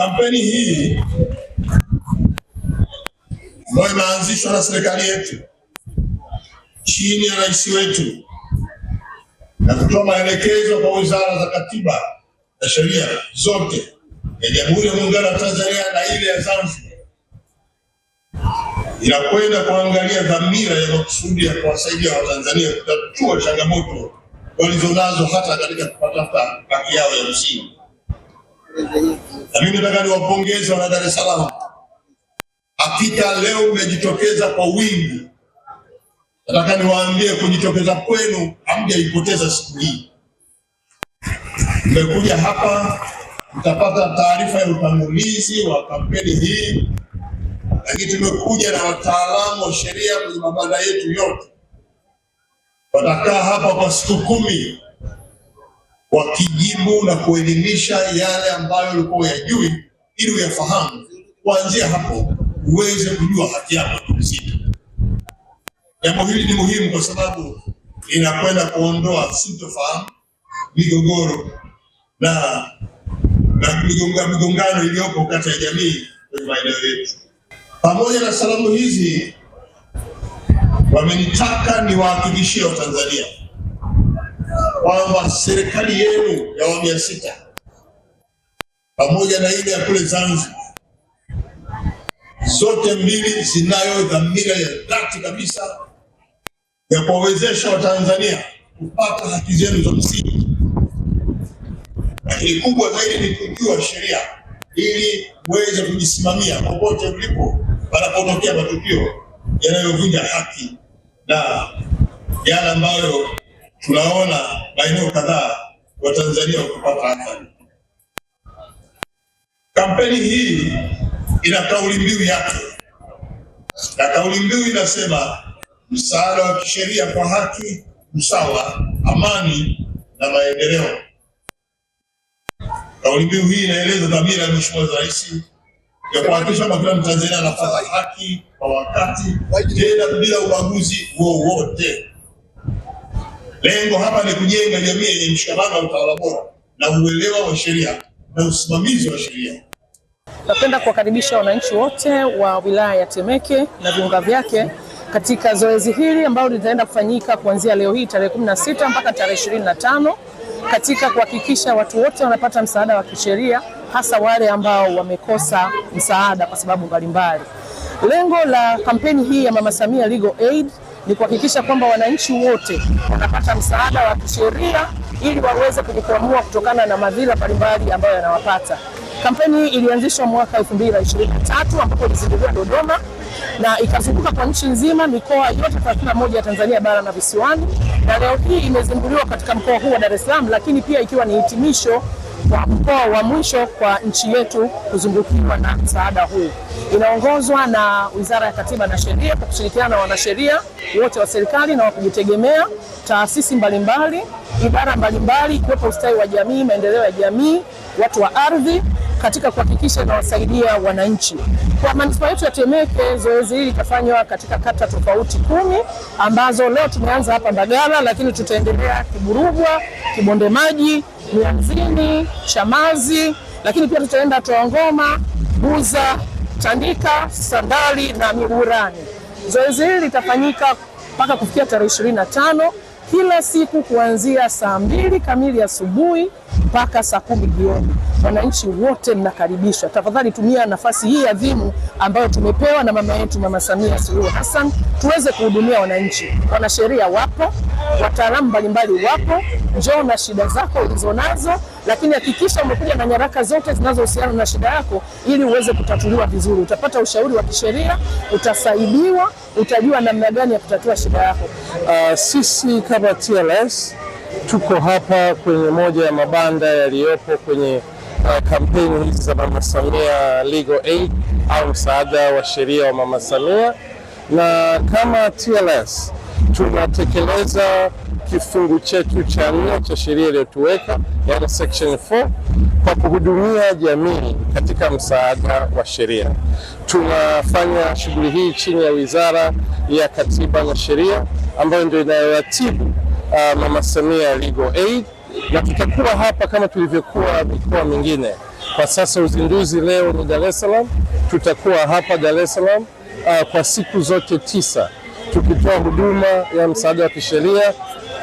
Kampeni hii ambayo imeanzishwa na serikali yetu chini ya rais wetu na kutoa maelekezo kwa wizara za katiba na sheria zote ya Jamhuri ya Muungano wa Tanzania na ile ya Zanzibar inakwenda kuangalia dhamira ya makusudi ya kuwasaidia Watanzania kutatua changamoto walizonazo hata katika kupata haki yao ya msingi. Lakini nataka niwapongeze wana Dar es Salaam, hakika leo mmejitokeza kwa wingi. Nataka niwaambie kujitokeza kwenu hamjaipoteza siku hii. Mmekuja hapa mtapata taarifa ya utangulizi wa kampeni hii, lakini tumekuja na wataalamu wa sheria kwenye mabanda yetu yote, watakaa hapa kwa siku kumi wakijibu na kuelimisha yale ambayo ulikuwa uyajui ili uyafahamu. Kuanzia hapo uweze kujua haki yako mzima. Jambo hili ni muhimu kwa sababu linakwenda kuondoa sintofahamu, migogoro na na migongano iliyopo kati ya jamii kwenye maeneo yetu. Pamoja na salamu hizi, wamenitaka niwahakikishie Watanzania kwamba serikali yenu ya awamu ya sita pamoja na ile ya kule Zanzibar, zote mbili zinayo dhamira ya dhati kabisa ya kuwawezesha Watanzania kupata haki zenu za msingi, lakini kubwa zaidi ni kujua sheria ili kuweze kujisimamia popote mlipo panapotokea matukio yanayovunja haki na yale ambayo tunaona maeneo kadhaa wa tanzania wakipata athari. Kampeni hii ina kauli mbiu yake, na kauli mbiu inasema msaada wa kisheria kwa haki, usawa, amani na maendeleo. Kauli mbiu hii inaeleza dhamira ya Mheshimiwa Rais ya kuhakikisha kwamba kila Mtanzania anapata haki kwa wakati, tena bila ubaguzi wowote. Lengo hapa ni kujenga jamii yenye mshikamano wa utawala bora na uelewa wa sheria na usimamizi wa sheria. Napenda kuwakaribisha wananchi wote wa wilaya ya Temeke na viunga vyake katika zoezi hili ambalo litaenda kufanyika kuanzia leo hii tarehe 16 mpaka tarehe 25 katika kuhakikisha watu wote wanapata msaada wa kisheria hasa wale ambao wamekosa msaada kwa sababu mbalimbali. Lengo la kampeni hii ya Mama Samia Legal Aid ni kuhakikisha kwamba wananchi wote wanapata msaada wa kisheria ili waweze kujikwamua kutokana na madhila mbalimbali ambayo yanawapata. Kampeni ilianzishwa mwaka 2023 ambapo ilizinduliwa Dodoma na ikazunguka kwa nchi nzima mikoa yote thelathini moja ya Tanzania bara na visiwani, na leo hii imezinduliwa katika mkoa huu wa Dar es Salaam, lakini pia ikiwa ni hitimisho kwa mkoa wa mwisho kwa nchi yetu kuzungukiwa na msaada huu. Inaongozwa na Wizara ya Katiba na Sheria kwa kushirikiana na wanasheria wote wa serikali na wa kujitegemea, taasisi mbalimbali, idara mbalimbali, ikiwepo ustawi wa jamii, maendeleo ya jamii, watu wa ardhi katika kuhakikisha inawasaidia wananchi. Kwa manispaa yetu ya Temeke, zoezi hili litafanywa katika kata tofauti kumi ambazo leo tumeanza hapa Mbagala, lakini tutaendelea Kiburugwa, Kibondemaji, Mianzini, Chamazi, lakini pia tutaenda toangoma Buza, Tandika, Sandali na Miburani. Zoezi hili litafanyika mpaka kufikia tarehe ishirini na tano kila siku kuanzia saa mbili kamili asubuhi mpaka saa kumi jioni. Wananchi wote mnakaribishwa, tafadhali tumia nafasi hii adhimu ambayo tumepewa na mama yetu Mama Samia Suluhu Hassan tuweze kuhudumia wananchi. Wanasheria wapo, wataalamu mbalimbali wapo. Njoo na shida zako ulizonazo, lakini hakikisha umekuja na nyaraka zote zinazohusiana na shida yako ili uweze kutatuliwa vizuri. Utapata ushauri wa kisheria, utasaidiwa, utajua namna gani ya kutatua shida yako. Uh, sisi kama TLS tuko hapa kwenye moja ya mabanda yaliyopo kwenye uh, kampeni hizi za Mama Samia Legal Aid au msaada wa sheria wa Mama Samia, na kama TLS tunatekeleza kifungu chetu cha nne cha sheria iliyotuweka yani section 4 kwa kuhudumia jamii katika msaada wa sheria. Tunafanya shughuli hii chini ya Wizara ya Katiba na Sheria ambayo ndio inayoratibu uh, Mama Samia Legal Aid na tutakuwa hapa kama tulivyokuwa mikoa mingine. Kwa sasa uzinduzi leo ni Dar es Salaam, tutakuwa hapa Dar es Salaam uh, kwa siku zote tisa tukitoa huduma ya msaada wa kisheria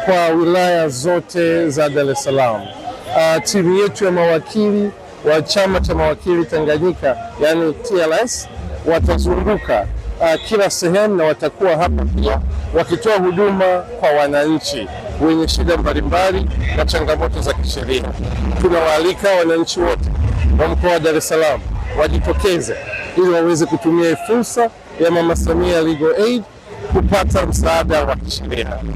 kwa wilaya zote za Dar es Salaam. Uh, timu yetu ya mawakili wa chama cha mawakili Tanganyika yani TLS watazunguka uh, kila sehemu na watakuwa hapa pia wakitoa huduma kwa wananchi wenye shida mbalimbali na changamoto za kisheria. Tunawaalika wananchi wote wa mkoa wa Dar es Salaam wajitokeze ili waweze kutumia fursa ya Mama Samia Legal Aid kupata msaada wa kisheria.